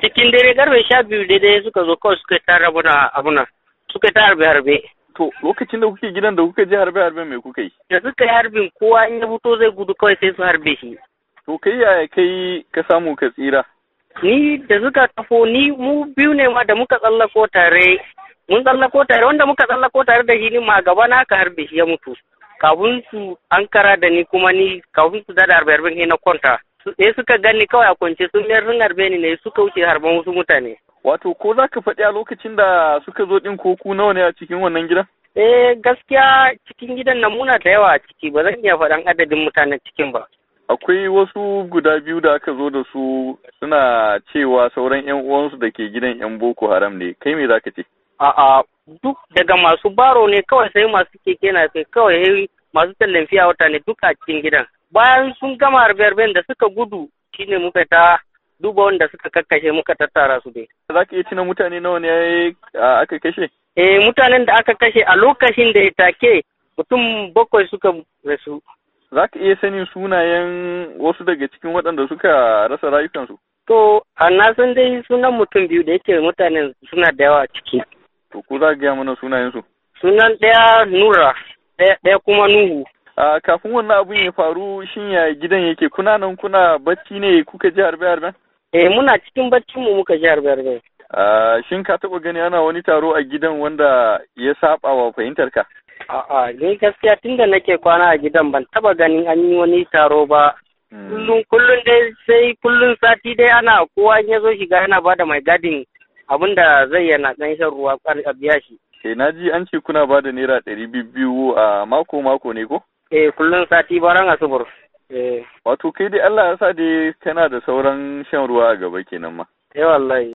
cikin dare garbe sha biyu daidai suka zo kawai suka tara abuna abuna suka ta harbe harbe to lokacin da kuke gidan da kuka je harbe harbe mai kuka yi da suka yi harbin kowa in ya fito zai gudu kawai sai su harbe shi to kai yaya kai ka samu ka tsira ni da suka tafo ni mu biyu ne ma da muka tsallako tare mun tsallako tare wanda muka tsallako tare da shi ni ma gaba na ka harbe shi ya mutu kafin su an kara da ni kuma ni kafin su dada harbe harben na kwanta sai suka gani kawai a kwance sun yi sun harbe ni ne suka wuce harban wasu mutane wato ko za ka faɗi a lokacin da suka zo ɗin koku nawa ne a cikin wannan gidan eh gaskiya cikin gidan namuna muna da yawa a ciki ba zan iya faɗan adadin mutanen cikin ba akwai wasu guda biyu da aka zo da su suna cewa sauran 'yan uwansu da ke gidan 'yan boko haram ne kai me za ka ce A'a duk daga masu baro ne kawai sai masu keke na sai kawai masu tallafiya wata ne duk a cikin gidan. Bayan sun gama harbiyar da suka gudu shine muka ta duba wanda suka kakkashe muka tattara su dai. Za ka iya tuna mutane nawa ne aka kashe? Eh mutanen da aka kashe a lokacin da ya take mutum bakwai suka rasu. Za ka iya sanin sunayen wasu daga cikin waɗanda suka rasa rayukansu? To, a na san dai sunan mutum biyu da yake mutanen suna da yawa ciki. To ku za gaya mana sunayensu? Sunan ɗaya Nura, ɗaya kuma Nuhu. A kafin wannan abin ya faru shin ya gidan yake kuna nan kuna bacci ne kuka ji harbe harbe Eh muna cikin baccin mu muka ji harbe A shin ka taɓa gani ana wani taro a gidan wanda ya saba wa fahimtar ka? A'a, ni gaskiya tunda nake kwana a gidan ban taɓa ganin an yi wani taro ba hmm. kullum kullum dai sai kullum sati dai ana kowa ya zo shiga yana bada mai gadin abin da zai yana ɗan shan ruwa a biya shi. Ke eh, na ji an ce kuna ba da naira ɗari biyu a mako mako ne ko? Eh kullum sati baran asubur. Eh. Wato kai dai Allah ya sa dai kana da sauran shan ruwa a gaba kenan ma. Eh wallahi.